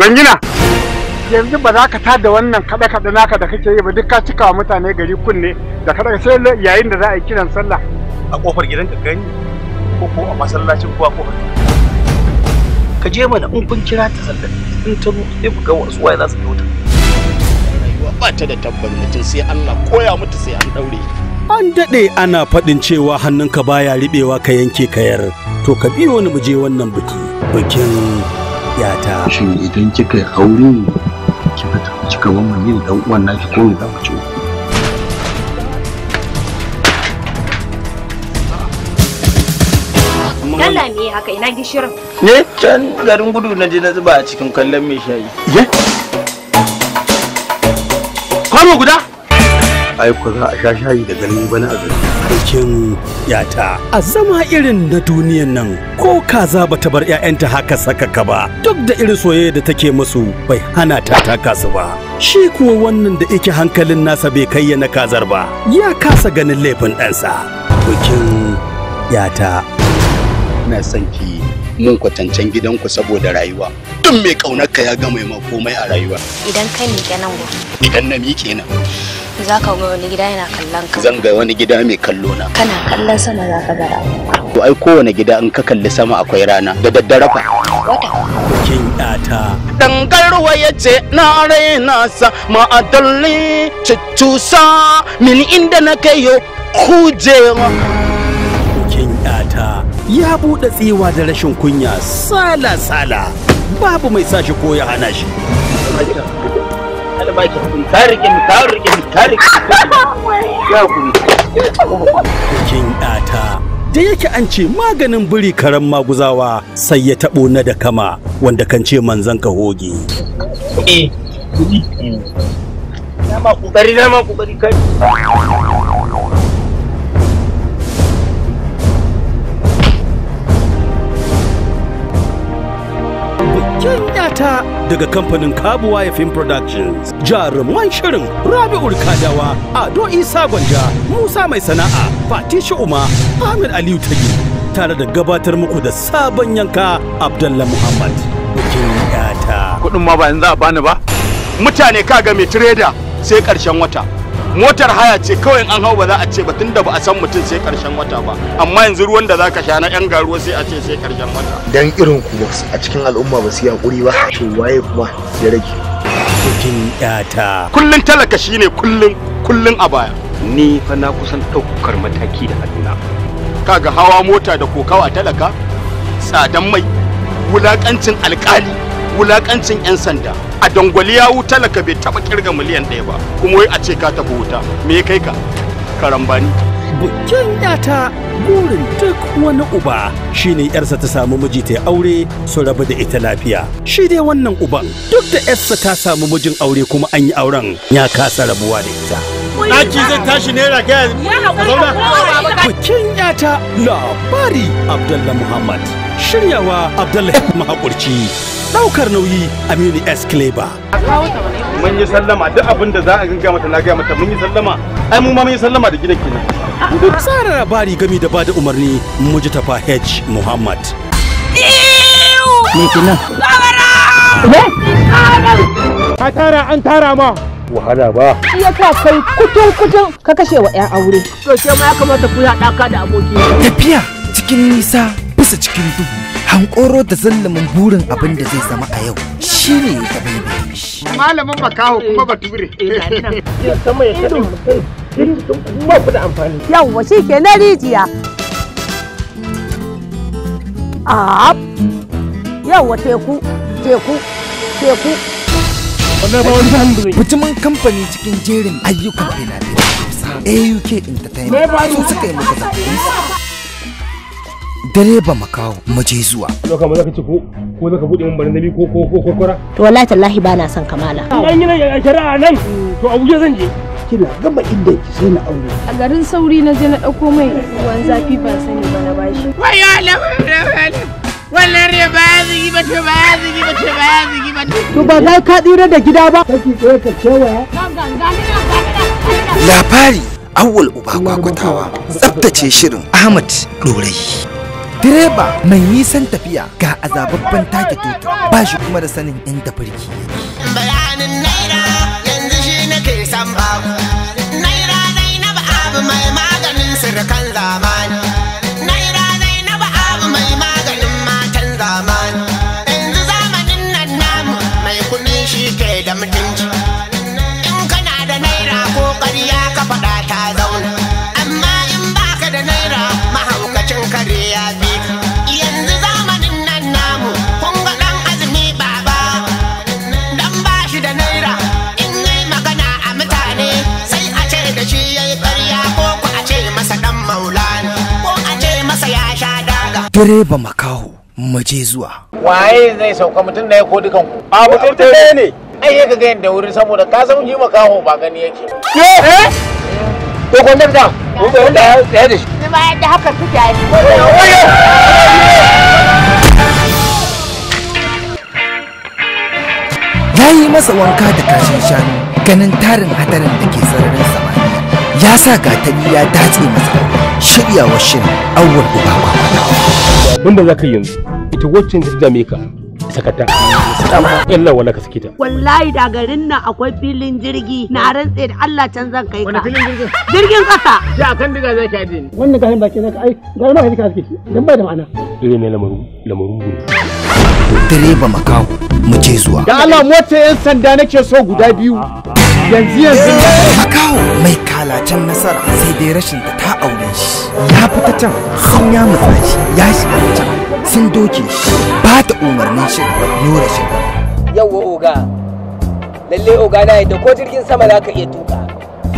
Zangina! Yanzu ba za ka ta da wannan kaɗe-kaɗe naka da kake yi ba duk ka cika wa mutane gari kunne da kaɗe sai yayin da za a yi kiran sallah. A ƙofar gidan ka gani ko ko a masallacin kuwa ko Ka je mana in kun kira ta sallar in ta zo sai ku ga wasu waye za su kyauta. Rayuwa ba ta da tabbas mutum sai Allah koya mutu sai an daure. An daɗe ana faɗin cewa hannunka baya riɓewa ka yanke kayar to ka biyo ni mu je wannan biki. Bikin yata shin idan kika yi aure kika tafi kika mamma ni da uwan naki ko me za ku ci Allah me haka ina gishirin ne can garin gudu na je na zuba a cikin kallon mai shayi ye kwano guda aiko za a sha shayi da gani bana a gari aikin yata a zama irin na duniyan nan ko kaza bata bar 'ya'yanta haka sakaka ba duk da irin soyayya da take musu bai hana ta taka su ba shi kuwa wannan da yake hankalin nasa bai kai na kazar ba ya kasa ganin laifin ɗansa bikin yata Ina son ki mun kwatancen gidanku saboda rayuwa duk mai kaunarka ya gama ma komai a rayuwa idan kai miƙe nan go idan na miƙe nan za ka ga wani gida yana kallon ka zan ga wani gida mai kallo na kana kallon sama za ka gara to ai kowane gida in ka kalli sama akwai rana da daddare fa wata kin yata dangarwa yace na raina sa ma'adalli cucusa min inda na kai yo kujewa kin ta ya buɗe tsewa da rashin kunya sala sala babu mai sa shi ko ya hana shi Bikin ɗata da yake an ce maganin biri karen maguzawa sai ya taɓo na da kama wanda kan ce manzan ka hoge eh hmm. na ma na ma kai yata daga kamfanin kabuwa ya film productions jaruman shirin rabi'ul kadawa ado isa gwanja musa mai sana'a fatishi uma ahmed aliyu tagi tare da gabatar muku da sabon yanka abdallah muhammad bikin yata kudin ma ba yanzu a bani ba mutane kaga mai tireda sai karshen wata motar haya ce kawai an hau ba za a ce ba tunda ba a san mutum sai karshen wata ba amma yanzu ruwan da zaka sha na yan garuwa sai a ce sai karshen wata dan irin ku a cikin al'umma ba su yakuri ba to waye kuma ya rage cikin yata kullun talaka shine kullun kullun a baya ni fa na kusan ɗaukar mataki da hannuna kaga hawa mota da kokawa talaka tsadan mai wulakancin alkali wulakancin 'yan sanda a dangwali ya wuta laka bai taba kirga miliyan ɗaya ba kuma wai a ce ka tafi wuta me ya kai ka karambani bukin yata burin duk wani uba shine yarsa ta samu miji ta aure su rabu da ita lafiya shi dai wannan uban duk da yarsa ta samu mijin aure kuma an yi auren ya kasa rabuwa da ita ɗaki zai tashi ne raga zauna bukin yata labari Abdullahi muhammad shiryawa Abdullahi mahaƙurci daukar nauyi aminu s kleba mun yi sallama duk abin da za a ganga mata na gaya mata mun yi sallama ai mu ma mun yi sallama da gidan kenan tsara labari gami da bada umarni mujtafa h muhammad me ka tara an tara ma wahala ba ya sa kai kutun kutun ka kashe wa 'yan aure to ke ma ya kamata ku haɗa ka da aboki tafiya cikin nisa bisa cikin duhu hankoro da zallumin burin abin da zai zama a yau shi ne ya taɓa shi. Malamin makaho kuma bature. Yawwa shi ke na rijiya. Ab. Yawwa teku, teku, teku. Mutumin kamfani cikin jerin ayyukan fina-finai. AUK Entertainment su suka yi maka zafi direba makaho mu je zuwa to kamar zaka ci ko ko zaka bude min barin dabi ko ko ko kokora to wallahi tallahi bana son kamala an yi shari'a nan to abuja zan je kina gaba inda ki sai na aure a garin sauri na je na dauko mai ruwan zafi ba sani ba na bashi wayo wannan ba ya zigi ba to ba ya zigi ba to ba zigi ba to ba za ka tsira da gida ba kake tsaye ka cewa labari awwal uba kwakwatawa tsabtace shirin ahmad dorai direba mai nisan tafiya ga azababban take tutu ba shi kuma da sanin inda birki yake direba makaho maje zuwa waye zai sauka mutum da ya ko dukan ku a mutum ta ne ai ya ga da wuri saboda ka san ji makaho ba gani yake ke eh to eh? gwamnati da wanda ya da shi ni ma yadda haka kuke ya yi masa wanka da kashin shanu ganin tarin hadarin da ke sararinsa ya sa gatari ya datse masa shiryawa shin awwal uba ba mun da za ka yanzu ita wacce ta dame ka sakata yalla wala ka sakita wallahi da garin nan akwai filin jirgi na rantse da Allah can zan kai ka filin jirgin jirgin kasa ya kan diga zai kai din wannan garin baki naka ai garin ba kai ka aski dan bai da ma'ana dole ne lamarin lamarin direba makaho mu je zuwa da Allah mota yan sanda nake so guda biyu yanzu yanzu makaho mai kalacen nasara sai dai rashin da ta aure shi ya fita can sun ya mutsa shi ya shiga can sun doke shi ba ta umarnin shi nura shi yawwa oga lalle oga na yadda ko jirgin sama za ka iya tuka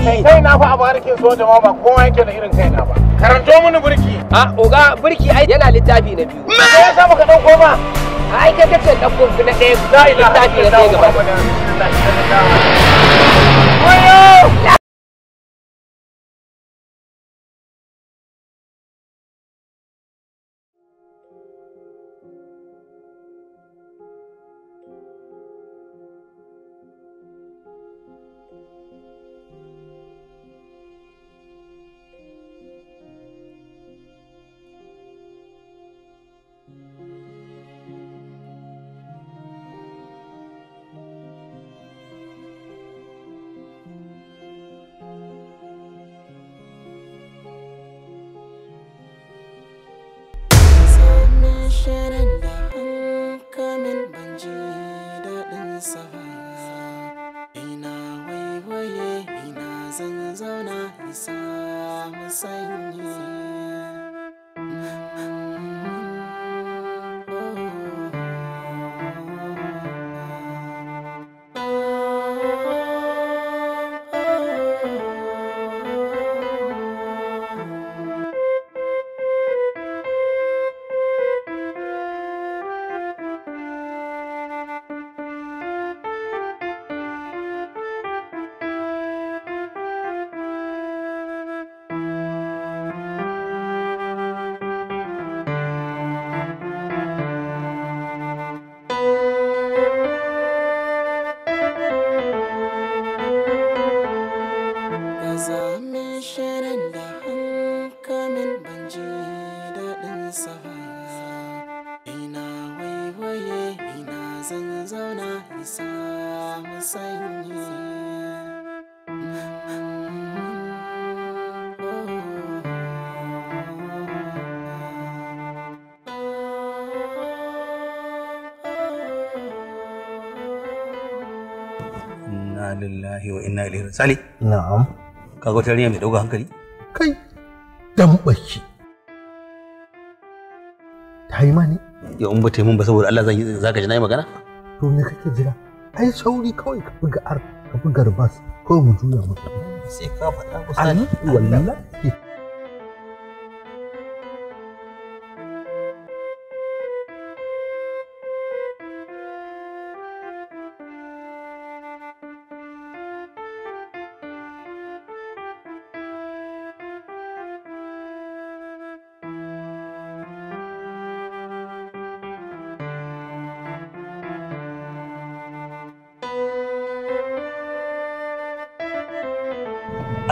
kai na fa a barkin soja ma ba kowa yake da irin kai na ba karanto mini burki a ah, oga burki ai yana littafi na biyu me yasa baka dan koma? ai ka kace ɗauko su na ɗaya littafi ya ɗaya gaba. lillahi wa inna ilaihi raji'un na'am kaga wata riya mai dauka hankali kai dan baki ta yi ma ne ya umba ta mun ba saboda Allah zan yi zaka ji nayi magana to me kake jira ai sauri kawai ka buga ar ka buga bas kawai mu juya mu sai ka faɗa ku sai. wallahi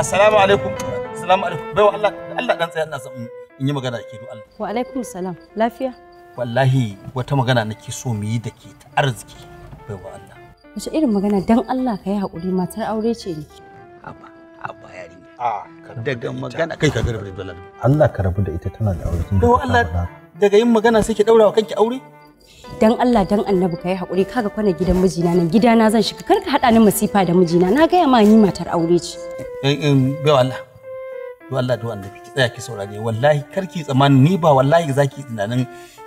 assalamu alaikum assalamu alaikum baiwa Allah Allah dan tsaya ina son in yi magana da ke Allah wa alaikum salam lafiya wallahi wata magana nake so mu yi da ke ta arziki baiwa Allah wace irin magana dan Allah ka yi matar aure ce ne Abba, abba yari Ah, daga magana kai ka garbe Allah ka rabu da ita tana da aure baiwa Allah daga yin magana sai ki daura wa kanki aure dan Allah dan annabi kai hakuri kaga kwana gidan mijina nan gidana zan shiga karka hada ni masifa da mijina na ga ma ni matar aure ce. Eh, eh, bai Allah to Allah to annabi ki tsaya ki saurare wallahi karki tsamani tsammani ni ba wallahi zaki tunanin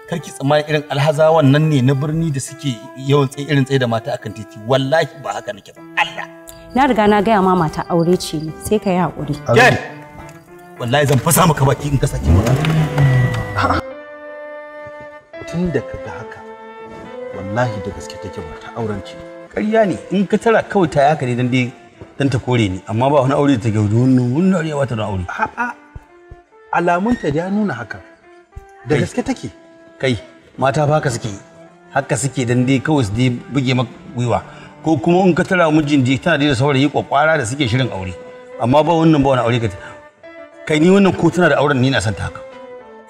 karki tsamani tsammani irin alhaza wannan ne na birni da suke yawan tsaye irin tsaye da mata akan titi wallahi ba haka nake ba Allah. Na riga na gaya ma mata aure ce ne sai ka yi haƙuri. Wallahi zan fasa maka baki in ka saki magana. Tun da ka ga haka wallahi da gaske take ba ta auren ce ƙarya ne in ka tara kawai ta yaka ne dan dai dan ta kore ni amma ba wani aure da take wani wannan aure ba ta da aure a'a alamun ta ya nuna haka da gaske take kai mata ba haka suke haka suke dan dai kawai su dai buge ma gwiwa ko kuma in ka tara mijin dai tana da saurayi kwakwara da suke shirin aure amma ba wannan ba wani aure ka kai ni wannan ko tana da auren ni na son ta haka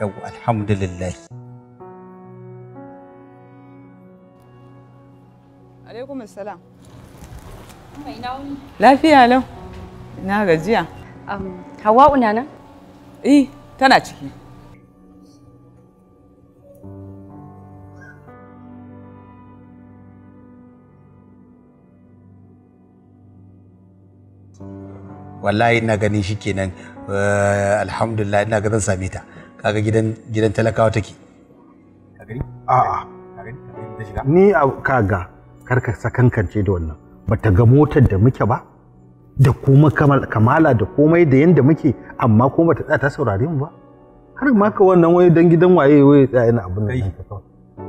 yau alhamdulillah alaikum salam. Lafiya lau. Na gajiya. Um, Hawa na nan? Eh, tana ciki. Wallahi ina gani shi kenan eh, alhamdulillah ina ganin same ta kaga gidan gidan talakawa take. Ka gani? A'a. Ka gani? Ni kaga kar ka sakankance da wannan ba ta ga motar da muke ba da kuma kamala da komai da yanda muke amma kuma ba ta tsaya ta saurare mu ba har ma ka wannan wani dan gidan waye waye tsaya ina abin da kake kawai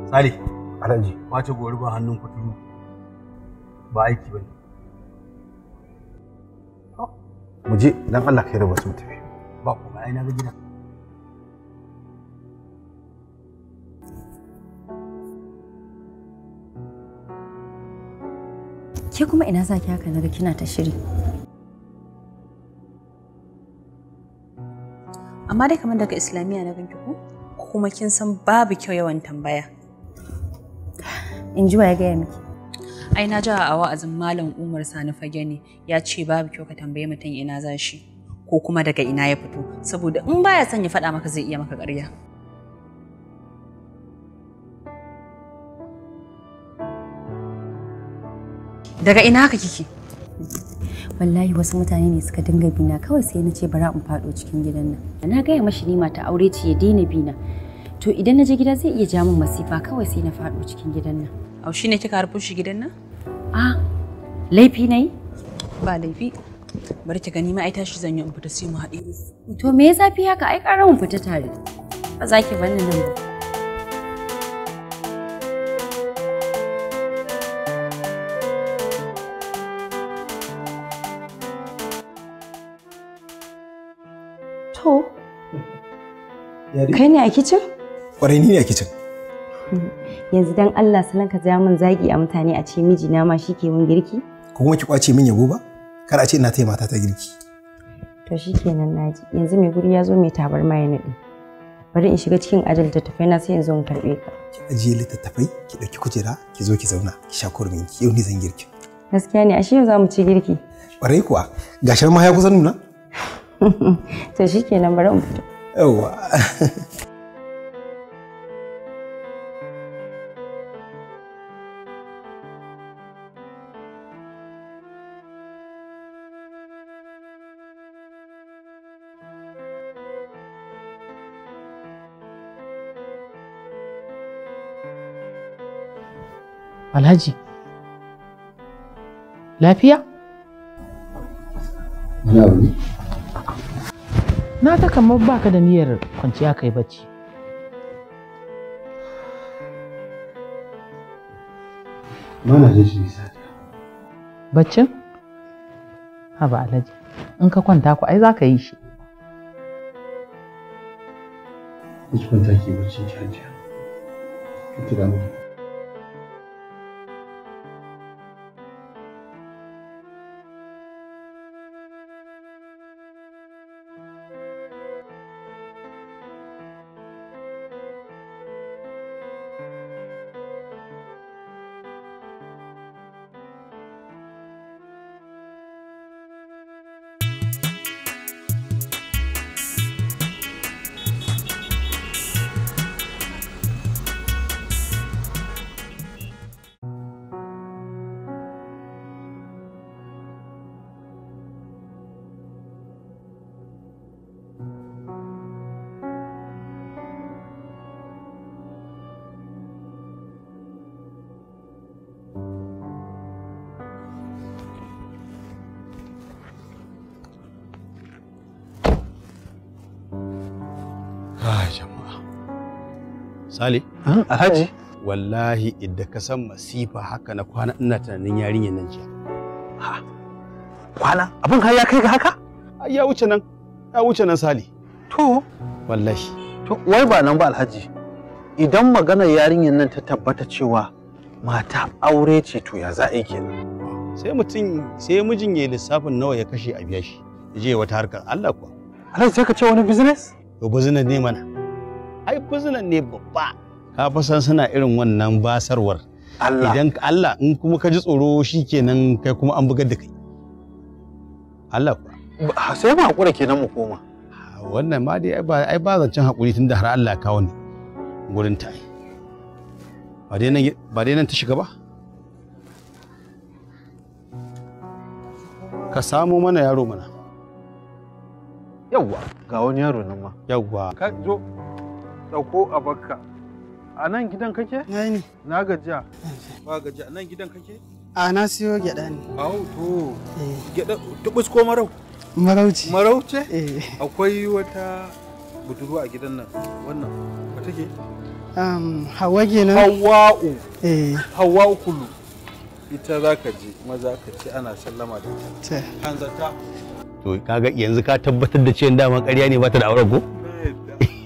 tsali alhaji wace gori ba hannun kuturu ba aiki ba mu je dan Allah ka yarda su tafi ba kuma ai na ga gidan Ke kuma ina zaki haka naga kina ta shiri. Amma dai kamar daga Islamiyya na ganki ko? Kuma kin san babu kyau yawan tambaya. In ji wa ya gaya miki? Ai na ji a wa'azin Malam Umar Sani Fage ne ya ce babu kyau ka tambaye mutum ina za shi ko kuma daga ina ya fito saboda in baya son ya faɗa maka zai iya maka ƙarya. Daga ina haka kike? Wallahi wasu mutane ne suka dinga bina kawai sai na ce bara in faɗo cikin gidan nan. Na gaya mashi ni mata aure ce ya daina bina. To idan na je gida zai iya ja min masifa kawai sai na faɗo cikin gidan nan. Au shi ne kika harfo shi gidan nan? Ah, laifi na yi? Ba laifi. Bari ki gani ma ai tashi zan yi in fita sai mu haɗe. To me ya zafi haka ai ƙara mu fita tare. Ba za ki bani nan ba. Kai ne a kicin? Kwarai ni ne a kicin. Yanzu dan Allah salanka ka ja min zagi a mutane a ce na ma shi ke girki? Ko kuma ki kwace min yabo ba? Kar a ce ina taya mata ta girki. To shikenan naji. Yanzu mai guri ya zo mai tabarma ya naɗe. Bari in shiga cikin ta tafai na sai in zo in karbe ka. Ki ajiye littattafai, ki dauki kujera, ki zo ki zauna, ki sha kurmin ki yau ni zan girki. Gaskiya ne, ashe yau za mu ci girki. Kwarai kuwa, gashin ma ya kusa nuna. To shikenan bari in fito. اوعى الهجي لافيه؟ na ta kamar baka da niyyar kwanciya kai bacci ba na jin shi baccin haba alaji in ka kwanta ku ai za ka yi shi ki kwanta ki bacci ki hajiya ki tura mu Sale? Ah, Alhaji? Wallahi idda ka san masifa haka na kwana ina tunanin yarinyar nan jiya. Ha? Kwana? Abin har ya kai ga haka? Ya wuce nan. Ya wuce nan Sale. To? Wallahi. To wai ba nan ba Alhaji. Idan maganar yarinyar nan ta tabbata cewa mata aure ce to ya za a yi kenan. Sai mutum sai mijin ya lissafin nawa ya kashe a biya shi. je wata harkar Allah kuwa. Alhaji sai ka ce wani business? To business ne mana. ai kuzuna ne babba ka fa san suna irin wannan basarwar Allah idan Allah in kuma ka ji tsoro shikenan kai kuma an bugar da kai Allah kuwa sai ba hakura kenan mu koma wannan ma dai ai ba zancen hakuri tunda har Allah kawo ne gurin ta ba dai nan ba dai nan ta shiga ba ka samo mana yaro mana yawwa ga wani yaro nan ma yawwa ka zo ɗauko a bakka a nan gidan kake? ne. na gajiya ba gajiya nan gidan kake? a na siyo gyaɗa ne au to eh. gyaɗa tubus ko marau marauci marauce eh. akwai wata budurwa a gidan nan wannan ba take um hawa kenan hawa'u eh hawa'u kullu ita za ka je maza ka ce ana sallama da ita hanzarta to kaga yanzu ka tabbatar da cewa dama ƙarya ne ba ta da auren ko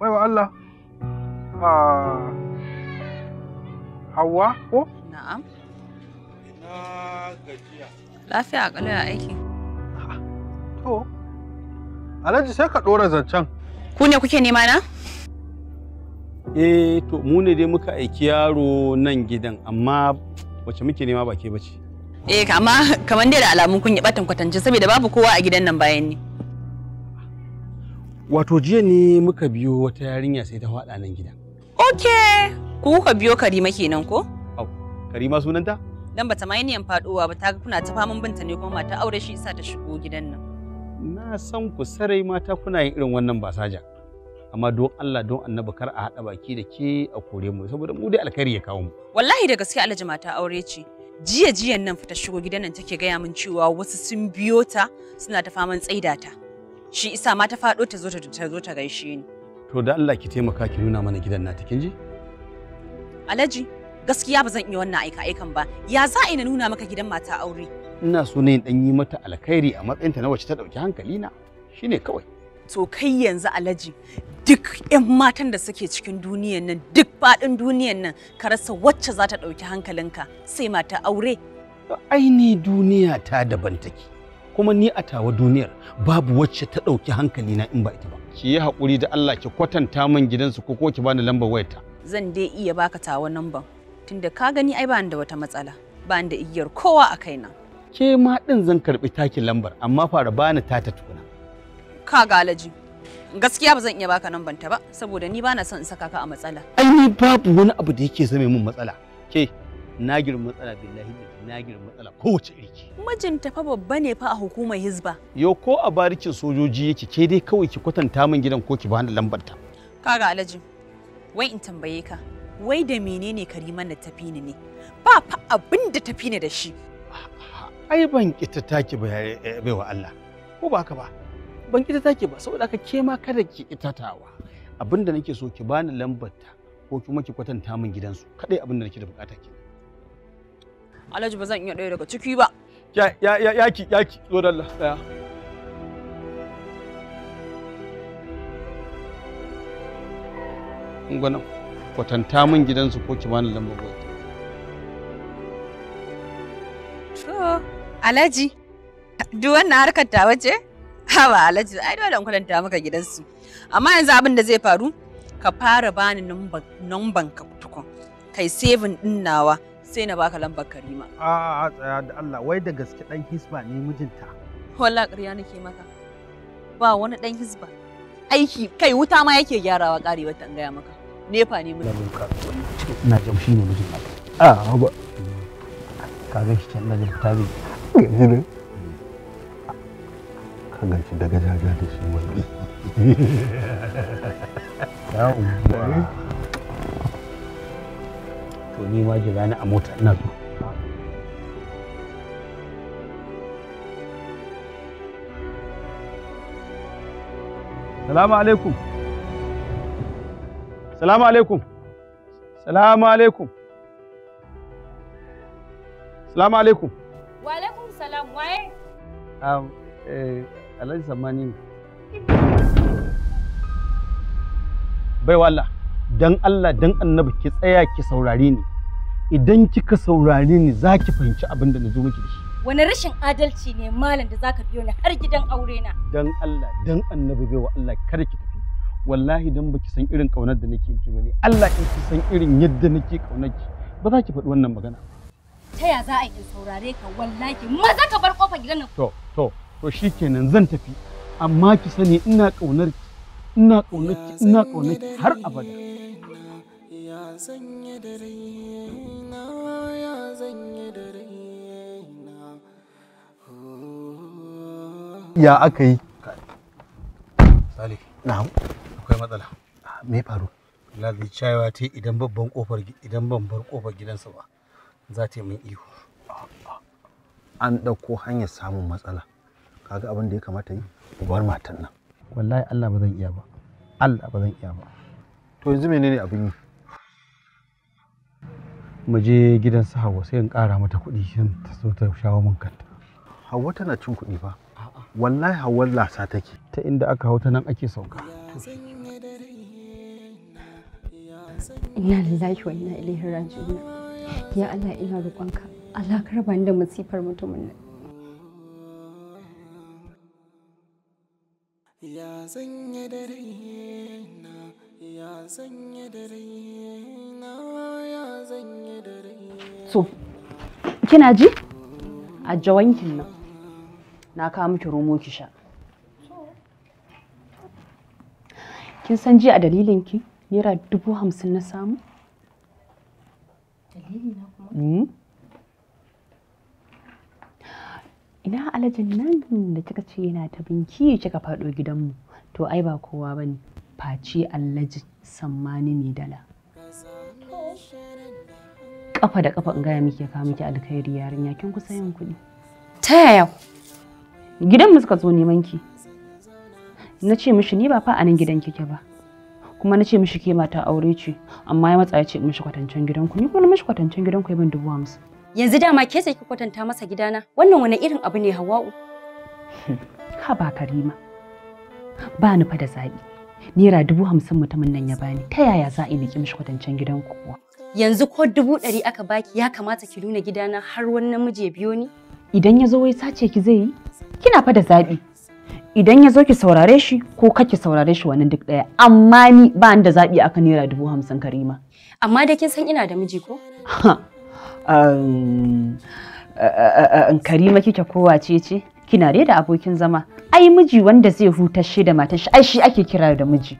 wai wa Allah ah. Hauwa ko? Na'am. Ina gajiya. Lafiya kalau ya aiki. To, Alhaji sai ka ɗora zancen. Ku ne kuke nema na? Eh, to mu ne dai muka aiki yaro nan gidan amma wacce muke nema ba ke bace. Eh, kama kamar dai da alamun kun yi batan kwatance saboda babu kowa a gidan nan bayan ni. Wato jiya ne muka biyo wata yarinya sai ta faɗa nan gida. Ok, ku kuka biyo Karima kenan ko? Au, Karima sunanta? Dan bata ma niyan faɗowa ba ta ga kuna ta faman binta ne kuma mata aure shi isa ta shigo gidan nan. Na san ku sarai mata kuna yin irin wannan basaja. amma don Allah don annabi kar a haɗa baki da ke a kore mu saboda mu dai alkhairi ya kawo mu wallahi da gaske Alhaji mata aure ce jiya jiyan nan fita shigo gidan nan take gaya min cewa wasu sun biyo ta suna ta faman tsaida ta Shi isa ma ta faɗo ta zo ta zo ta gaishe ni. To da Allah ki taimaka ki nuna mana gidan nata kin ji? Alhaji, gaskiya ba zan iya wannan aika aikan ba. Ya za ina nuna maka gidan mata aure? Ina so ne dan yi mata alkhairi a matsayinta na wacce ta dauki hankali na. Shine kawai. To kai yanzu Alhaji, duk 'yan matan da suke cikin duniyan nan, duk faɗin duniyan nan, ka rasa wacce za ta ɗauki hankalinka sai mata aure. To aini duniya ta daban take. kuma ni a tawa duniyar babu wacce ta ɗauki hankali na in ba ita ba ki yi hakuri da Allah ki kwatanta min gidansu ko ko ki bani lambar wayarta zan dai iya baka tawa lambar tunda ka gani ai ba da wata matsala ba da igiyar kowa a kaina ke ma din zan karbi taki lambar amma fara bani tata tukuna ka galaji gaskiya ba zan iya baka lambar ta ba saboda ni bana son in saka ka a matsala ai ni babu wani abu da yake zame min matsala ke na girma matsala billahi na girma matsala kowace irki mijinta fa babba ne fa a hukumar hizba yo ko a barikin sojoji yake ke dai kawai ki kwatanta min gidan ko ki bani lambar ta kaga alhaji wai in tambaye ka wai da menene kariman da tafi ni ne ba fa abin da tafi ni da shi ai ban kita taki eh, eh, bai wa Allah ko ba haka ba ban kita taki ba saboda ka ke ma kada ki itatawa abinda nake so ki bani lambar ta ko kuma ki kwatanta min gidansu kadai abinda nake da bukata kenan Alhaji ba zan iya ɗaya daga ciki ba. Ya ya ya yaki yaki zo da Allah tsaya. Gwanan kwatanta min gidansu ko bani lambar wata. To, Alhaji, duk wannan harkar ta wace Hawa Alhaji, ai dole in kwatanta maka gidansu. Amma yanzu abin da zai faru, ka fara bani numban ka tukun. Kai saving ɗin nawa. sai na baka lambar Karima. A a tsaya da Allah wai da gaske dan hisba ne mijinta. Wallahi ƙarya nake maka. Ba wani dan hisba. Aiki kai wuta ma yake gyarawa ƙarewar an gaya maka. Nefa ne mijin. Ina jam shi ne mijin A ba. Ka ga shi can da ta bi. ne. Ka ga shi daga jaja da shi wani. to ni ma ji ni a mota ina zo Salamu alaikum. Salamu alaikum. Salamu alaikum. Salamu alaikum. Wa alaikum salam waye? Am um, eh, Alhaji Samani Bai wallah dan Allah dan Annabi ki tsaya ki saurare ni. idan kika saurare ni za ki fahimci abin da na zo miki da shi. Wani rashin adalci ne malam da zaka biyo ni har gidan aure na. Dan Allah, dan annabi wa Allah kada ki tafi. Wallahi dan baki san irin kaunar da nake miki bane. Allah in ki san irin yadda nake kaunar ki. Ba za ki faɗi wannan magana. Ta ya za a yi saurare ka wallahi maza ka bar kofar gidan nan. To, to, to shikenan zan tafi. Amma ki sani ina kaunar ki. Ina kaunar ki, ina kaunar ki har abada. Ya sanya da rai. ya aka yi sale na'am akwai matsala me faru lalle cewa ta idan babban kofar idan ban bar kofar gidansa ba za ta yi min an dauko hanyar samun matsala kaga abin da ya kamata yi bar matan nan wallahi Allah ba zan iya ba Allah ba zan iya ba to yanzu menene abin yi mu je gidan su Hauwa sai in ƙara mata kuɗi shin ta so ta shawo mun kanta Hauwa tana cin kuɗi fa wallahi hawan lasa take ta inda aka hau ta nan ake sauka ina lillahi wa ina ilaihi raji'un ya Allah ina roƙonka Allah ka raba ni da masifar mutumin nan ya sanya dare na ya sanya dare na ya sanya dare so kina ji a jawankin nan na kawo miki romo ki sha kin san jiya a dalilin ki naira dubu hamsin na samu hmm? ina alajin nan da kika ce yana ta binki kika faɗo gidanmu to ai ba kowa ba ne face allaji sammani ne dala kafa da kafa in gaya miki ya kawo miki alkhairi yarinya kin kusa yin kuɗi ta yaya gidanmu suka zo neman ki na ce mishi ni ba fa a nan gidan kike ba kuma na ce mishi ke mata aure ce amma ya matsa ya ce mishi kwatancen gidanku ni kuma mishi kwatancen gidanku ya ban dubu hamsin yanzu dama ke sai ki kwatanta masa gidana wannan wani irin abu ne hawa'u ka ba karima ba ni fa da zaɓi naira dubu hamsin mutumin nan ya bani ta yaya za a yi mishi kwatancen gidanku kuwa yanzu ko dubu ɗari aka baki ya kamata ki nuna gidana har wani namiji ya biyo ni idan ya zo wai sace ki zai yi kina fa da zaɓi idan ya zo ki saurare shi ko ka ki saurare shi wannan duk ɗaya amma ni ba ni da zabi akan naira dubu hamsin karima amma da kin san ina da miji ko karima kike kowa ce ce kina dai da abokin zama ai miji wanda zai hutar shi da matar shi ai shi ake kira da miji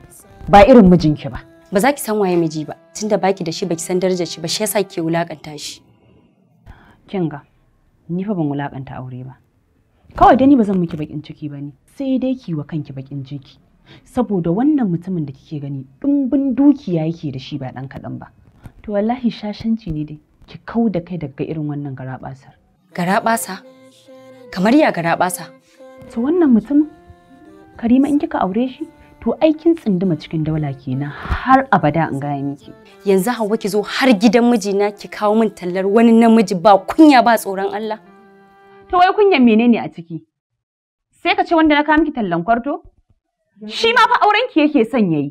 ba irin mijinki ba ba za ki san waye miji ba tunda baki da shi baki san darajar shi ba shi yasa ke wulakanta shi Kinga, ni fa ban wulakanta aure ba kawai dai ni ba zan miki bakin ciki ba ne sai dai ki wa kanki bakin ciki saboda wannan mutumin da kike gani ɗumbin dukiya yake da shi ba dan kaɗan ba to wallahi shashanci ne dai ki kau da kai daga irin wannan garabasar garabasa kamar ya garabasa to wannan mutum karima in kika aure shi to aikin tsinduma cikin daula kenan har abada an gaya miki yanzu hawa ki zo har gidan mijina ki kawo min tallar wani namiji ba kunya ba tsoron Allah To wai kunyan menene a ciki? Sai ka ce wanda na kawo tallan kwarto? Shi ma fa auren ki yake son yayi.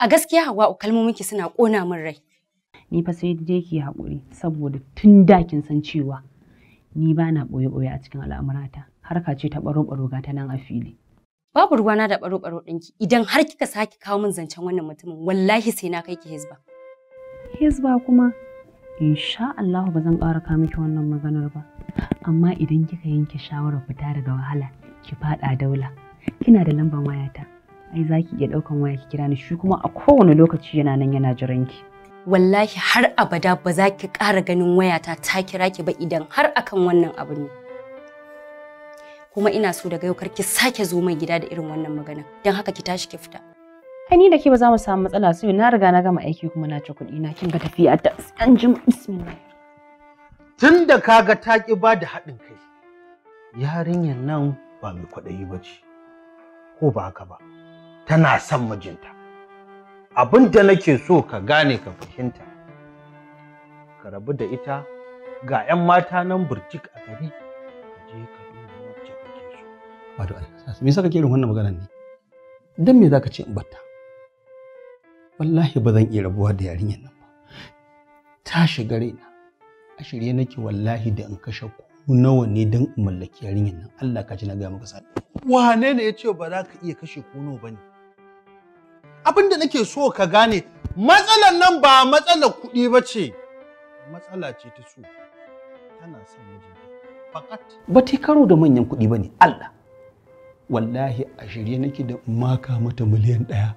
A gaskiya Hawwa'u kalmomin ki suna kona min rai. Ni fa sai dai ki haƙuri saboda tun da kin san cewa ni ba na ɓoye boye a cikin al'amurata harka ce ta ɓaro-ɓaro ga ta nan a fili. Babu ruwa na da ɓaro-ɓaro ɗinki idan har kika saki kawo min zancen wannan mutumin wallahi sai na kai ki hizba. Hizba kuma insha Allah ba zan ƙara kawo miki wannan maganar ba. amma idan kika yanke shawarar fita daga wahala ki fada daula kina da lambar wayata ai zaki iya daukan waya ki kira ni shi kuma a kowane lokaci yana nan yana jiran ki wallahi har abada ba za ki kara ganin wayata ta kira ki ba idan har akan wannan abu ne kuma ina so daga yau kar ki sake zo mai gida da irin wannan magana dan haka ki tashi ki fita ai ni da ke ba za mu samu matsala su na riga na gama aiki kuma na ci kuɗi na kin ga tafiya ta an jima bismillah tun da kaga ta ƙi ba da haɗin kai yarinyar nan ba mai kwaɗayi ba ce ko ba haka ba tana son mijinta abin da nake so ka gane ka fahimta ka rabu da ita ga 'yan mata nan burjik a gari ka je ka duba wacce kake so wato me yasa kake irin wannan maganar ne dan me zaka ce in batta wallahi ba zan iya rabuwa da yarinyar nan ba ta shiga raina a shirye nake wallahi da in kashe ku nawa ne don in mallaki yarinyar nan Allah ka ji na ga maka sani wane ne ya ce ba za ka iya kashe ku nawa bane abin da nake so ka gane matsalar nan ba matsalar kuɗi ba ce matsala ce ta so tana son miji fakat ba ta karo da manyan kuɗi ba ne Allah wallahi a shirye nake da maka mata miliyan ɗaya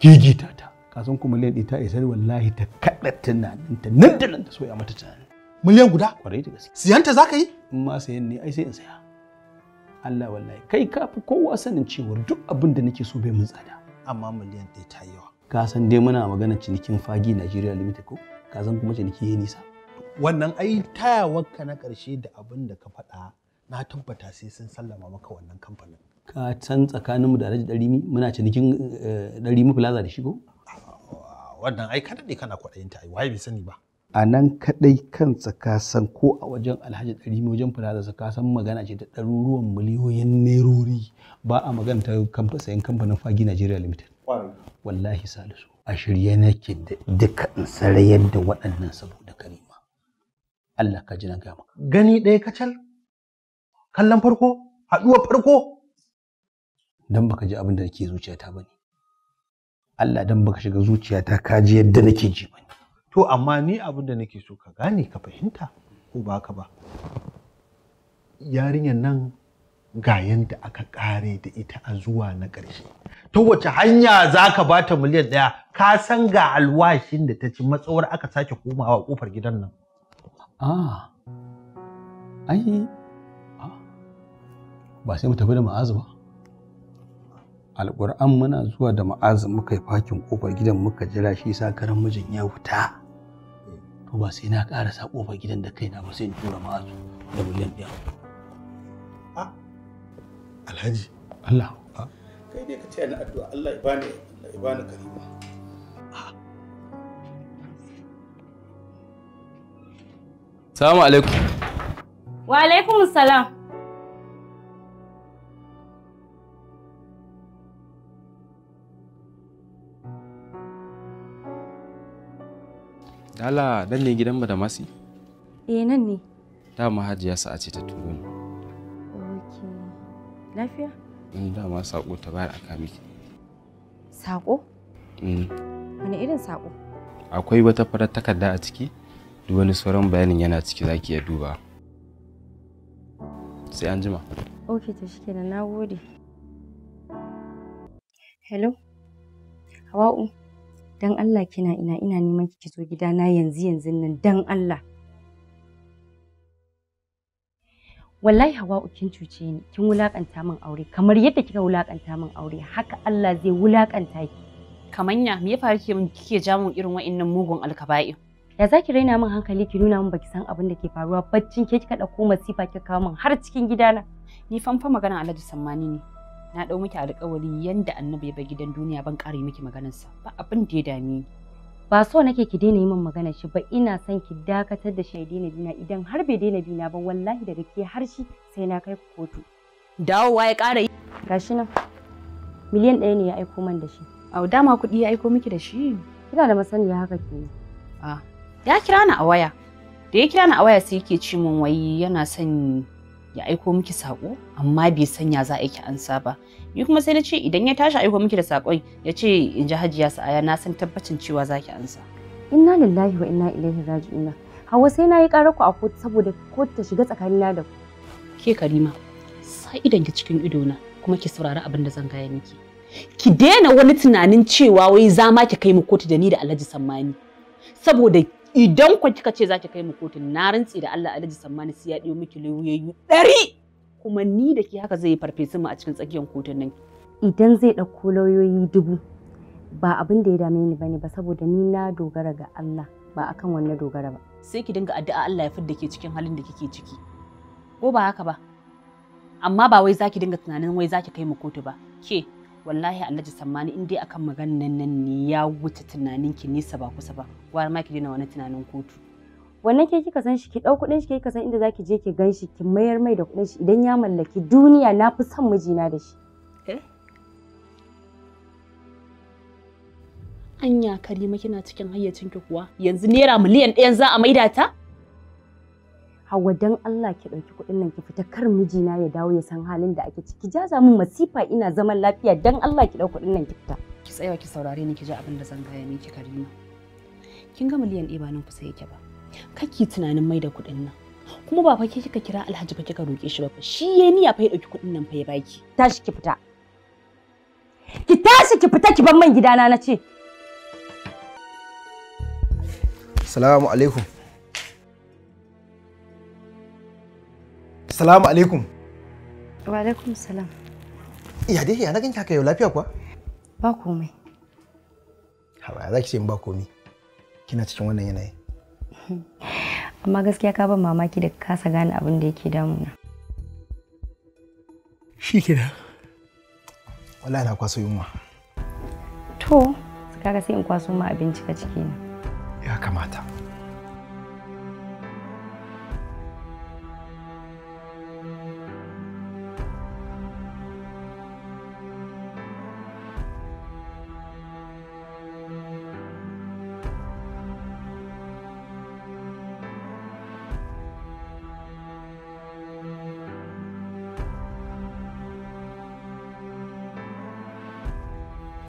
gigita ta kasan ku miliyan ɗaya ta wallahi ta kaɗa tunaninta nan da nan ta soya mata tunani. Miliyan guda? Kwarai da gaske. Siyanta za ka yi? In ma sayan ne ai sai in saya. Allah wallahi kai ka fi kowa sanin cewar duk abin da nake so bai mun tsada. Amma miliyan ɗaya ta yawa. Ka san dai muna magana cinikin fagi najeriya Limited ko? Ka san kuma ciniki ya nisa. Wannan ai tayawarka na ƙarshe da abin da ka faɗa na tabbata sai sun sallama maka wannan kamfanin. Ka san mu da Alhaji Ɗarimi muna cinikin eh, Ɗarimi Plaza da shi ko? wannan ai ka daɗe kana kwaɗayin ta ai bai sani ba a nan kadai kansa ka ko a wajen alhaji ɗari wajen fulazarsa ka magana ce ta ɗaruruwan miliyoyin nerori ba a magana ta sayan kamfanin fagi nigeria limited wallahi salisu a shirye nake da duka in sarayar da waɗannan saboda karima Allah ka ji na gama gani ɗaya kacal kallon farko haɗuwar farko don baka ji abin da ke zuciyata ba ne Allah dan baka shiga zuciyata ka ji yadda nake ji bane to amma ni abin da nake so ka gane ka fahimta ko ba ka ba yarinyar nan ga yanda aka kare da ita a zuwa na ƙarshe ta wace hanya za ka ba ta miliyan ɗaya ka san ga alwashin da ta ci matsawar aka sake komawa ƙofar gidan nan ah ai ba sai mu tafi da ma'azu ba alƙur'an muna zuwa da ma'azin muka yi fakin ƙofar gidan muka jira shi sa karan mijin ya wuta to ba sai na ƙarasa ƙofar gidan da kaina ba sai in tura ma'azu da miliyan ɗaya alhaji Allah kai dai ka ce ni addu'a Allah ya bani ya bani karima Salamu alaikum. Wa alaikum salam. Dala, dan ne gidan da masi? Eh, nan ne. mu hajiya sa'a ce ta turo ni. Okay. Lafiya? In mm, dama saƙo ta bayar aka miki. Saƙo? Mm. Wani irin saƙo? Akwai wata farar takarda a ciki, duk wani sauran bayanin yana ciki za ki iya duba. Sai an jima. Okay, to shi kenan, na gode. Hello? Hawa'u? Dan Allah kina ina ina neman ki zo gidana yanzu yanzu nan dan Allah. Wallahi hawa kin cuce ni, kin wulakanta min aure kamar yadda kika wulakanta min aure haka Allah zai wulakanta ki. Kamanya me ya faru ke min kike ja irin wa'annan mugun alkaba'i Da zaki raina min hankali ki nuna min baki san abin da ke faruwa baccin ke kika dauko masifa kika kawo min har cikin gidana. Ni fanfa magana Alhaji Sammani ne. na dau miki alƙawari yanda annabi ya bar gidan duniya ban ƙare miki maganarsa ba abin da ya dame ni ba so nake ki daina yi min magana shi ba ina son ki dakatar da shi ya daina bina idan har bai daina bina ba wallahi daga ke har shi sai na kai kotu dawowa ya ƙara yi gashi nan miliyan ɗaya ne ya aiko man da shi a dama kuɗi ya aiko miki da shi kina da masaniya haka ke ah, ya kira ni a waya da ya kira ni a waya sai yake ce min wai yana son ya aiko miki sako amma bai san ya za a yi ansa ba ni kuma sai na ce idan ya tashi aiko miki da sakon ya ce in ji hajiya sa'aya na san tabbacin cewa za ki ansa inna lillahi wa inna ilaihi raji'una hawa sai na yi karar ku a kotu saboda kotu ta shiga na da ku ke karima sa idan ki cikin idona kuma ki saurari abin da zan gaya miki ki daina wani tunanin cewa wai zama ki kai mu kotu da ni da Alhaji Sammani saboda idan ku kika ce za ki kai mu kotun na rantsi da Allah alaji Sammani sai ya dio miki lauyoyi ɗari kuma ni da ki haka zai yi farfesun mu a cikin tsakiyar kotun nan. Idan zai ɗauko lauyoyi dubu ba abin da ya dame ni bane ba saboda ni na dogara ga Allah ba akan wannan dogara ba. Sai ki dinga addu'a Allah ya fidda ke cikin halin da kike ciki. Ko ba haka ba? Amma ba wai za dinga tunanin wai zaki kai mu kotu ba. Ke wallahi alhaji sammani in dai akan maganan nan ne ya wuce tunanin ki nisa ba kusa ba gwara ma ki daina wani tunanin kotu wannan ke kika san shi ki dau kudin shi ke kika san inda zaki je ki gan shi ki mayar mai da kudin shi idan ya mallaki duniya na fi son mijina da shi eh? anya karima kina cikin hayyacin ki kuwa yanzu naira miliyan ɗayan za a maida ta Hauwa dan Allah ki ɗauki kuɗin nan ki fita kar mijina ya dawo ya san halin da ake ciki. Jaza min masifa ina zaman lafiya dan Allah ki ɗauki kuɗin nan ki fita. Ki tsaya ki saurare ni ki ji abin da zan gaya miki Karima. Kin ga miliyan ɗaya ba nan kusa yake ba. kake tunanin mai da kuɗin nan. Kuma ba fa ke kika kira Alhaji ba kika roƙe shi ba shi ya niyya fa ya ɗauki kuɗin nan fa ya baki. Tashi ki fita. Ki tashi ki fita ki bar man gidana na ce. Assalamu alaikum. Salamu alaikum. Wa alaikum salam. Ya dai ya na ganki haka yau lafiya kuwa? Ba komai. Hawa za ki ce ba komai. Kina cikin wannan yanayi. Amma gaskiya ka ban mamaki da kasa gane abin da yake damuna. Shi kenan. Wallahi na kwaso yunwa. To, kaga sai in kwaso ma abinci ka ciki na. Ya kamata.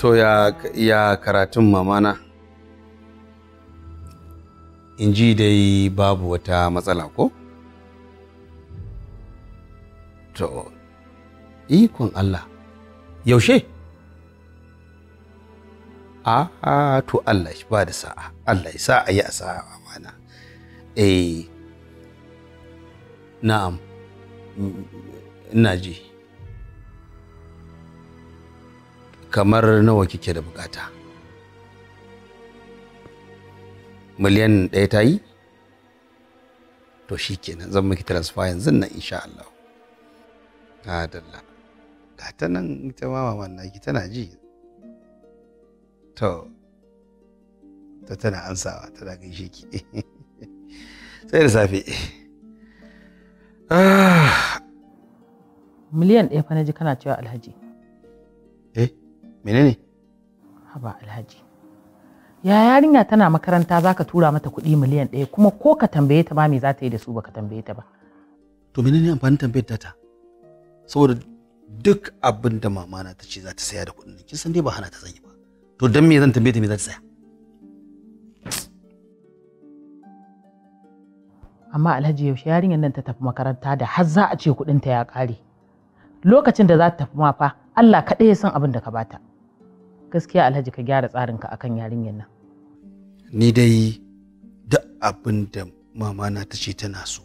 to ya, ya karatun mamana in ji dai babu wata matsala ko? to ikon Allah yaushe? a a to Allah shi ba da sa'a Allah ya sa'a ya sa'a mamana eh na'am ina ji kamar nawa kike da bukata miliyan ɗaya ta yi to shi nan zan miki transfer yanzu nan insha Allah adalla ga ta nan ita ma maman naki tana ji to ta tana ansawa tana gaishe ki sai da safe ah. miliyan ɗaya fa na ji kana cewa alhaji menene haba alhaji ya yarinya tana makaranta zaka tura mata kuɗi miliyan ɗaya kuma ko ka tambaye ta ba me za ta yi da su baka tambaye ta ba to menene amfanin tambayar ta saboda duk abin da mama na ta ce za ta saya da kuɗin kin san dai ba hana ta zanyi ba to dan me zan tambaye ta me za ta saya amma alhaji yaushe yarinyar nan ta tafi makaranta da har za a ce kuɗinta ya ƙare lokacin da za ta tafi ma fa Allah kaɗai ya san abin da ka bata. gaskiya alhaji ka gyara tsarinka akan yarinyar nan ni dai da abin da mama na ta ce tana so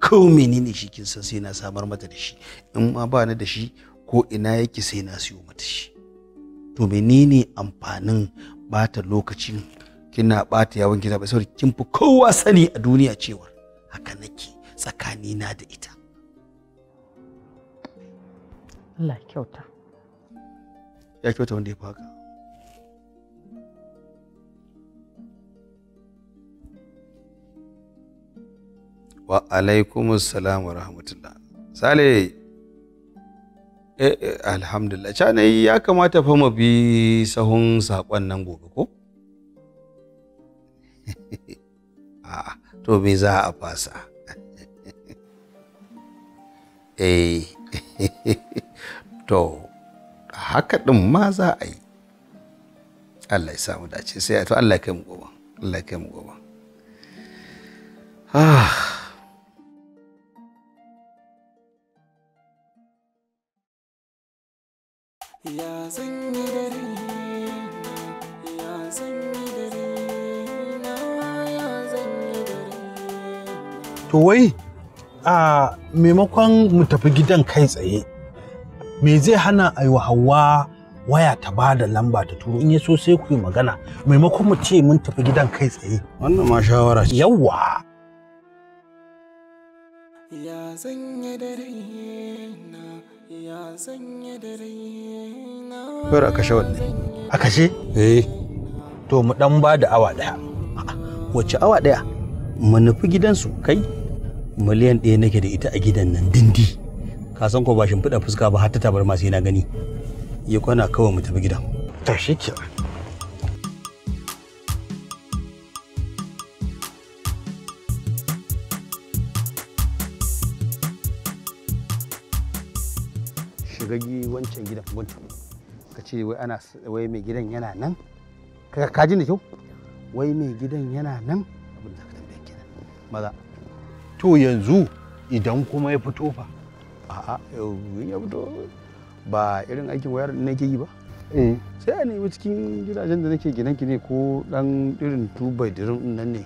ko menene shi kin san sai na samar mata da shi in ma ba ni da shi ko ina yake sai na siyo mata shi to menene amfanin bata lokacin kina bata yawon gida ba saboda kin fi kowa sani a duniya cewar haka nake tsakanina da ita Allah kyauta ya kyauta wanda ya fi haka wa alaikumussalam wa rahmatullah sale eh, eh, alhamdulillah canayi ya kamata fa mu bi sahun saƙon nan gobe ko a to me za a fasa eh to haka ɗin ma za a yi Allah ya samu dace sai to Allah ya kai mu gobe Allah ya kai mu gobe ah Ya san ni da To wai, a maimakon mu tafi gidan kai tsaye, me zai hana a wa hawa waya ta ba da lamba ta turo in ya so sai ku yi magana maimakon mu ce mun tafi gidan kai tsaye wannan ma shawara ce yawa ya sanya da raina ya sanya da raina bar aka shawar ne aka ce eh to mu dan ba da awa daya wace awa daya mu nufi gidansu kai miliyan ɗaya nake da ita a gidan nan dindi ka san ko ba shimfiɗa fuska ba har ta tabar masu yana gani ya kwana kawai mu tafi gida tashi ke shigaggi wancan gidan wancan ka ce wai ana wai mai gidan yana nan ka kaji da kyau wai mai gidan yana nan abin da ka tambaye kenan maza to yanzu idan kuma ya fito fa a'a ya fito ba irin aikin wayar nake yi ba eh. sai a nemi cikin gidajen da nake gidanki ne ko dan irin tubai dirin nan ne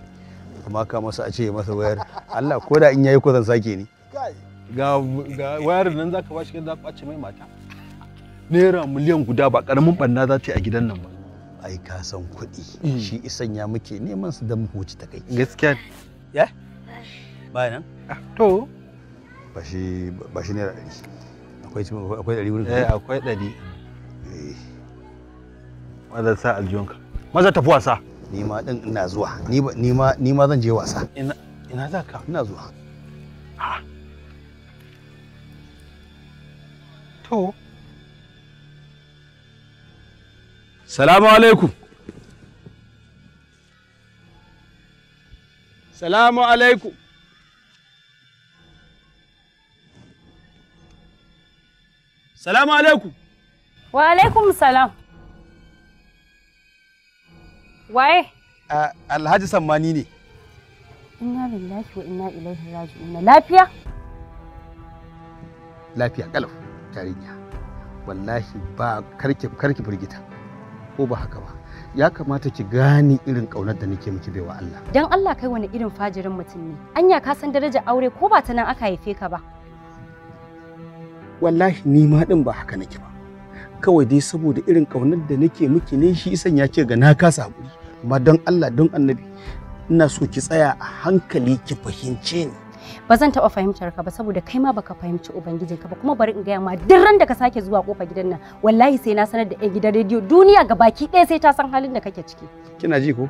amma ka masa a ce masa wayar Allah ko da in yayi ko zan sake ni ga wayar nan ka bashi za zaka kwace mai mata naira miliyan guda ba karamin banna za ta yi a gidan nan ba ai ka san kuɗi eh. shi isan ya muke neman su da mu huci ta kai gaskiya ya bayan ah, to ba shi ba naira ɗari akwai akwai ɗari wurin kai eh, akwai ɗari eh maza sa aljiyonka maza tafi wasa ni ma ɗin ina zuwa ni ma zan je wasa ina ina za ka ina zuwa ha to salamu alaikum salamu alaikum Salamu alaikum. Wa alaikum salam. Waye? Alhaji Sammani ne. Inna lillahi wa inna ilaihi raji'un. Lafiya? Lafiya kalaf tarinya. Wallahi ba karki karki firgita. Ko ba haka ba. Ya kamata ki gane irin kaunar da nake miki baiwa Allah. Dan Allah kai wani irin fajirin mutum ne. Anya ka san darajar aure ko ba ta nan aka haife ka ba. wallahi ni ma din ba haka nake ba kawai dai saboda irin kaunar da nake miki ne shi isan ya ce ga na kasa haƙuri amma don Allah don annabi ina so ki tsaya a hankali ki fahimce ni ba zan taɓa fahimtar ka ba saboda kai ma baka fahimci ubangijinka ba kuma bari in gaya ma duk ran da ka sake zuwa kofar gidan nan wallahi sai na sanar da 'yan gidan rediyo duniya ga baki ɗaya sai ta san halin da kake ciki kina ji ko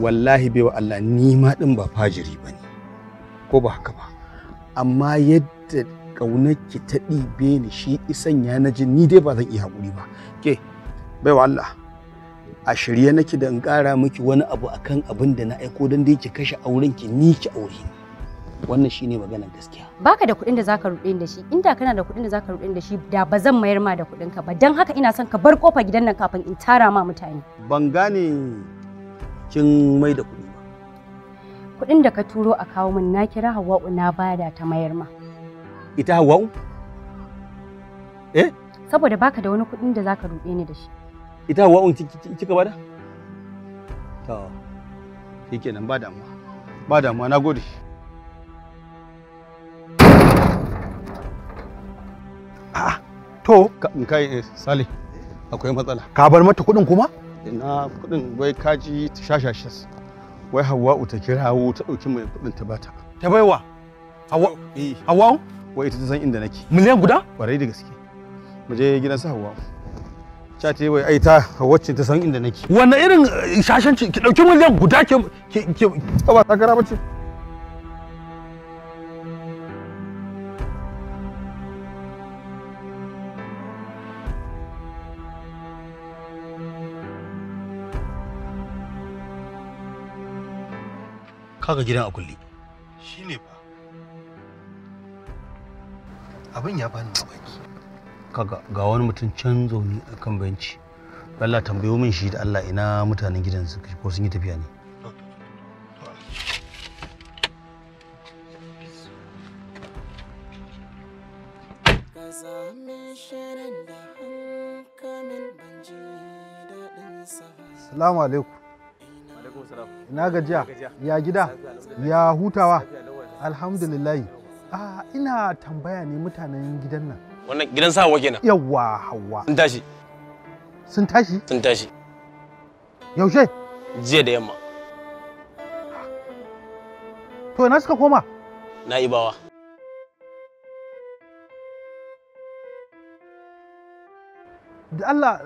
wallahi wa Allah ni ma din ba fajiri bane ko ba haka ba amma yadda ki ta ɗibe ni shi isan ya na jin ni dai ba zan iya haƙuri ba ke bai wa Allah a shirye nake da in ƙara miki wani abu akan abin da na aiko don dai ki kashe auren ki ni ki aure wannan wannan shine maganar gaskiya baka da kuɗin da zaka ruɗe da shi inda kana da kuɗin da zaka ruɗe da shi da ba mayar ma da kuɗin ka ba don haka ina son ka bar kofa gidan nan kafin in tara ma mutane ban gane kin mai da kuɗi ba kuɗin da ka turo a kawo min na kira Hawwa'u na bada ta mayar ma ita hawa'u eh saboda baka da wani kuɗin da zaka ruɗe ni da shi ita hawa'u kika bada to shikenan ba damuwa ba damuwa nagode a'a to kai eh, sale akwai matsala ka bar mata kuɗin kuma ina kuɗin wai kaji shashashas wai u ta kirawo ta ɗauki mai kuɗin ta bata ta baiwa hawa eh. hawa wai ita ta san inda nake miliyan guda kwarai da gaske mu je gidan su hawa ta ta wai ai ta wacce ta san inda nake wannan irin eh, shashanci ki dauki miliyan guda ke ke ba ta gara bace kaga gidan a kulle shine ba. abin ya bani mamaki kaga ga wani mutum can zaune a kan benci Allah tambayo min shi da Allah ina mutanen gidan su ko sun yi tafiya ne Salamu alaikum. Ina gajiya, ya gida, ya hutawa, alhamdulillahi. ina tambaya ne mutanen gidan nan. Wannan gidan sawa kenan. Yawwa, hawa. Sun tashi. Sun tashi? Sun tashi. Yaushe? Jiya da yamma. To ina suka koma? Na ibawa. Da Allah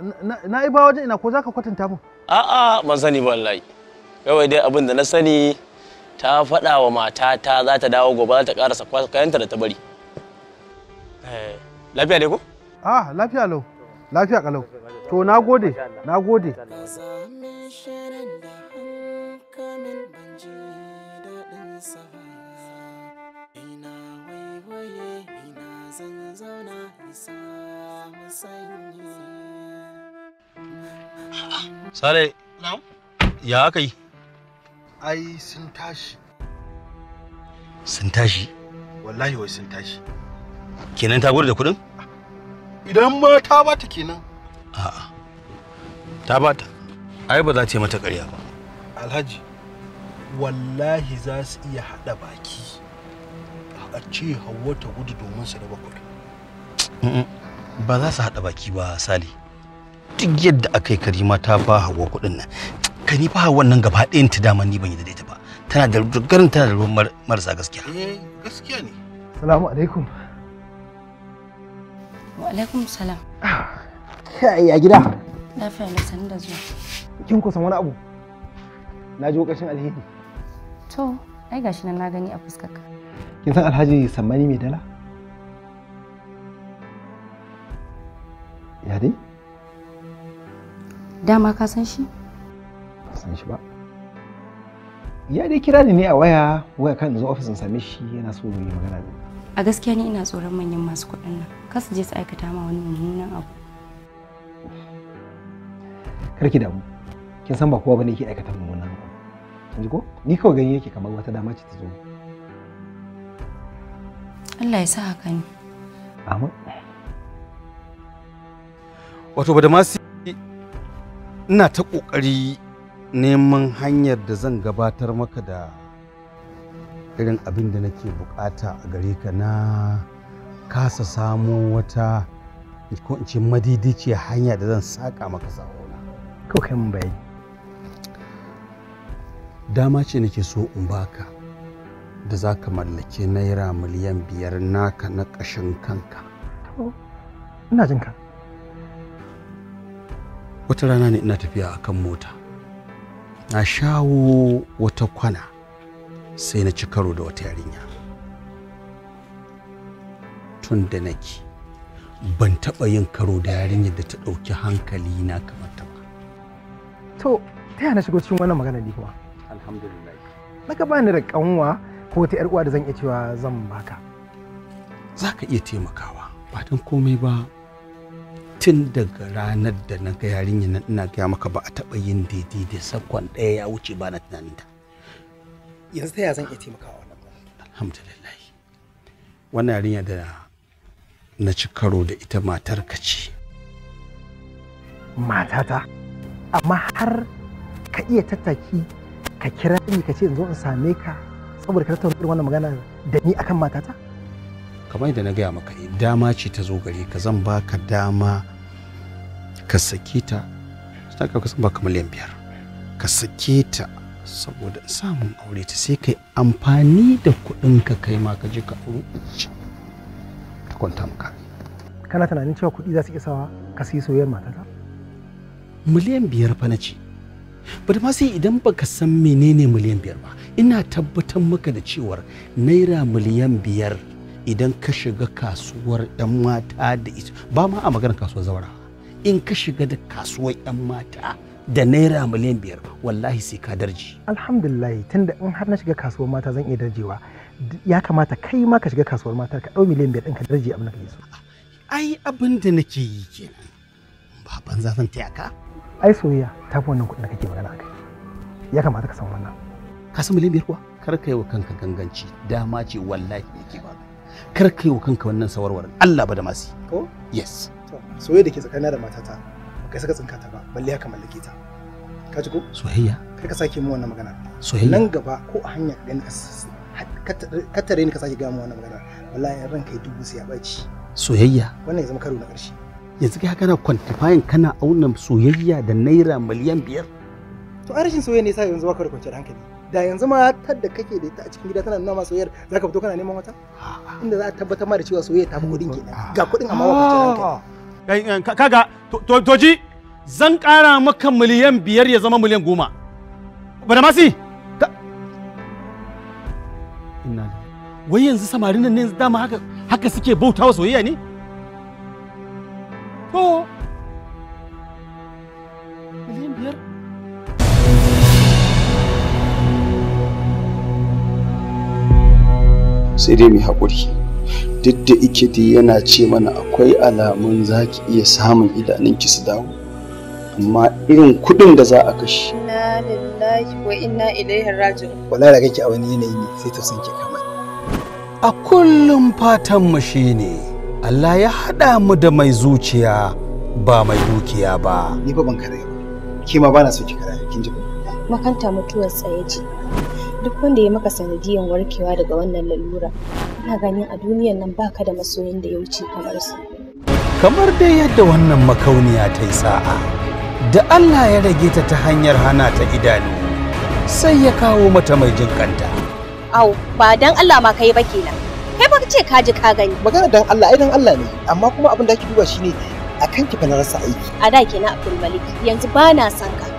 na ibawa wajen ina ko za ka kwatanta mu? A'a, ban sani ba wallahi. Kawai dai abin da na sani ta faɗa wa matata za ta dawo gobe za ta ƙarasa kayanta da ta bari eh, lafiya ne ko ah lafiya lau lafiya kalau to na gode na gode Sale, ya aka yi? ai sun tashi sun tashi wallahi wai sun tashi kenan ta gwada da kuɗin idan ma ta bata kenan a'a ta bata ai ba za ta yi mata ƙarya ba alhaji wallahi za su iya haɗa baki a ce hawa ta gudu domin su raba kuɗi. ba za su haɗa baki ba sali duk yadda aka yi karima ta ba hawa kuɗin nan ka ni fa wannan gaba ɗayan ta dama ni ban yi da ita ba tana da garin tana da ruwan marasa gaskiya eh gaskiya ne salamu alaikum wa alaikum salam kai ya gida lafiya na sani da zuwa kin kusan wani abu na ji ƙarshen alheri to ai gashi nan na gani a fuskar ka kin san alhaji sammani mai dala ya dai dama ka san shi san shi ba ya dai kira ni ne a waya waya kan zo ofisin same shi yana so yi magana da a gaskiya ni ina tsoron manyan masu kuɗin nan kar su je su aikata ma wani mummunan abu kar ki damu kin san ba kowa bane yake aikata mummunan abu kin ji ko ni kawai gani yake kamar wata dama ce ta zo Allah ya sa haka ne amma wato ba da ma ina ta kokari neman hanyar da zan gabatar maka da irin abin da nake bukata a gare ka na kasa samo wata ko in ce madidici hanya da zan saka maka sakona ko kai mun bayani dama ce nake so in baka da za ka mallake naira miliyan biyar naka na ƙashin kanka ina jinka wata rana ne ina tafiya akan mota na shawo wata kwana sai na ci karo da wata yarinya tun da nake ban taɓa yin karo da yarinyar da ta ɗauki hankali na kamar ta ba to ta yana shigo cikin wannan magana ne kuma alhamdulillah Na ka bani da kanwa ko ta yar uwa da zan iya cewa zan baka za ka iya taimakawa ba don komai ba tun daga ranar da na ga yarinya na ina gaya maka ba a taɓa yin daidai da sakon ɗaya ya wuce ba na tunanin ta yanzu ta ya zan iya taimakawa wannan alhamdulillah wannan yarinya da na ci karo da ita matar ka ce matata amma har ka iya tattaki ka kira ni ka ce in zo in same ka saboda ka tattauna wannan magana da ni akan matata kamar da na gaya maka dama ce ta zo gare ka zan baka dama ka sake ta ta ka kusan baka miliyan biyar ka sake ta saboda samun aure ta sai kai amfani da kuɗinka ka kai ma ka je ka aure ta kwanta maka kana tunanin cewa kuɗi za su iya sawa ka sayi soyayyar matata miliyan biyar fa na ce but ma sai idan baka san menene miliyan biyar ba ina tabbatar maka da cewar naira miliyan biyar idan ka shiga kasuwar 'yan mata da ita ba ma a maganar kasuwar zawara in ka shiga da kasuwar 'yan mata da naira miliyan biyar wallahi sai ka darji alhamdulillah tunda in har na shiga kasuwar mata zan iya darjewa ya kamata kai ma ka shiga kasuwar mata ka ɗau miliyan biyar din ka darje abin da kake so ai abin da nake yi kenan baban za san taya ka ai soyayya ta fi wannan kuɗin da kake magana kai ya kamata ka san wannan ka san miliyan biyar kuwa kar ka yi wa kanka ganganci dama ce wallahi yake ba kar ka yi wa kanka wannan sawarwarin Allah ba da masi ko yes soyayya da ke tsakanina da matata ba kai saka tsinka ta ba balle haka mallake ta ka ji ko soyayya kai ka sake mu wannan magana soyayya nan gaba ko a hanya gani ka tare ni ka sake gamu wannan magana wallahi ran kai dubu sai ya baci soyayya wannan ya zama karo na ƙarshe yanzu kai kana quantifying kana auna soyayya da naira miliyan biyar to a rashin soyayya ne sai yanzu baka da kwanciyar hankali da yanzu ma tar da kake da ita a cikin gida tana nuna ma soyayyar zaka fito kana neman wata inda za a tabbatar ma da cewa soyayya ta fi kudin kenan ga kudin amma ba kwanciyar ah. hankali Eh, eh, kaga to ji zan kara maka miliyan biyar ya zama miliyan goma masi wai yanzu samarin nan ne dama haka haka suke bautawa soyayya ne ko miliyan biyar sai dai mai haƙuri duk da ike da yana ce mana akwai alamun za ki iya samun idanunki su dawo amma irin kuɗin da za a kashe inna lillahi wa inna ilaihi raji'un wala da kake a wani yanayi ne sai ta san ki kamar a kullum fatan mu shine Allah ya haɗa mu da mai zuciya ba mai dukiya ba ni fa ban karaya Kima ma bana so ki karaya kin ji ba makanta mutuwar tsaye ce duk wanda ya maka sanadiyan warkewa daga wannan lalura ina ganin a duniyan nan baka da masoyin da ya wuce kamar su kamar dai yadda wannan makauniya ta yi sa'a da Allah ya rage ta ta hanyar hana ta idanu sai ya kawo mata mai jin kanta au ba dan Allah ma kai ba kenan kai ba ce ka ji ka gani magana dan Allah ai dan Allah ne amma kuma abin da ake duba shine a kanki fa na rasa aiki a da kenan Abdul Malik yanzu ba na son ka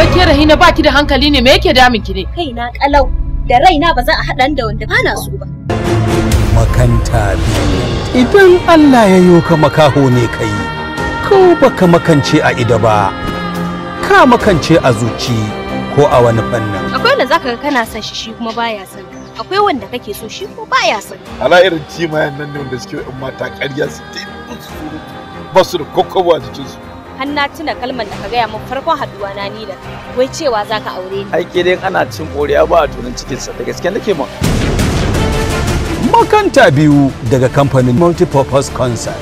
wai ke rahina ba ki da hankali ne me yake damun ki ne na kalau da raina ba za a haɗa da wanda bana so ba makanta idan Allah ya yo ka makaho ne kai ko baka makance a ida ba ka makance a zuci ko a wani fannin akwai wanda zaka ga kana son shi shi kuma baya son akwai wanda kake so shi ko baya son ala irin yan nan ne wanda suke yan mata ƙarya su ba su da kokowa jikinsu har na tuna kalmar da ka gaya min farkon haduwa na ni da wai cewa za ka aure ni. Aike dai ana cin ƙoriya ba a tunan cikin sa da gaske nake ma. Makanta biyu daga kamfanin Multipurpose Concert.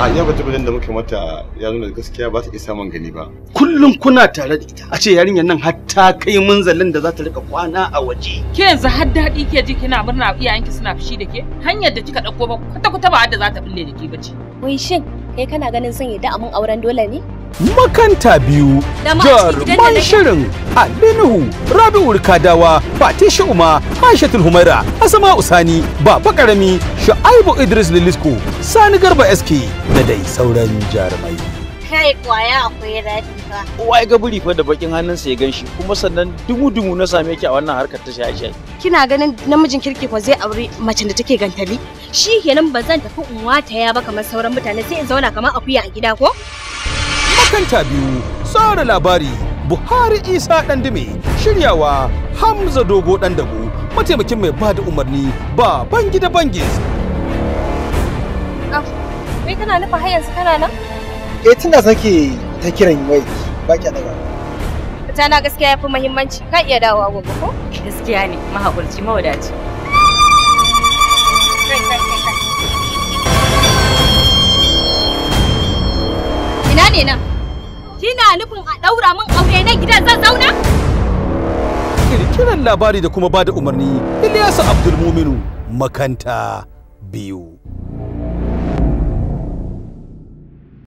A yau tabbatar da muke mata ya nuna gaskiya ba ta isa man gani ba. Kullum kuna tare da ita. A ce yarinyar nan har ta kai munzalin da za ta rika kwana a waje. Ke yanzu har daɗi ke ji kina murna iyayenki suna fushi da ke? Hanyar da kika ɗauko ba kwata-kwata ba da za ta bulle da ke ba ce. Wai shin kai eh, kana ganin sun yi auren dole ne makanta biyu jaruman shirin alinuhu rabi'ul kadawa fatisha uma aishatul humaira asama usani baba karami sha'aibu idris lilisko sani garba sk da dai sauran jarumai kai kwaya akwai ka. Uwa ya ga buri fa da bakin hannunsa ya ganshi kuma sannan dumu dumu na same ki a wannan harkar ta shaye kina ganin namijin kirki fa zai aure macen da take gantali shi kenan ba zan tafi in ya ba kamar sauran mutane sai in zauna kamar akuya a gida ko makanta biyu tsara labari Buhari Isa Dandime shiryawa Hamza Dogo Dandago mataimakin mai bada umarni ba bangida da Ah, Kai kana nufa har yanzu kana nan? eh tunda sake ta kiran wai ba ki daga ta na gaskiya yafi muhimmanci kan iya dawowa gobe ko gaskiya ne mahaƙurci mawadaci ina ne nan kina nufin a ɗaura min aure na gidan zan zauna kirkiran labari da kuma bada umarni Ilyasu Abdulmuminu makanta biyu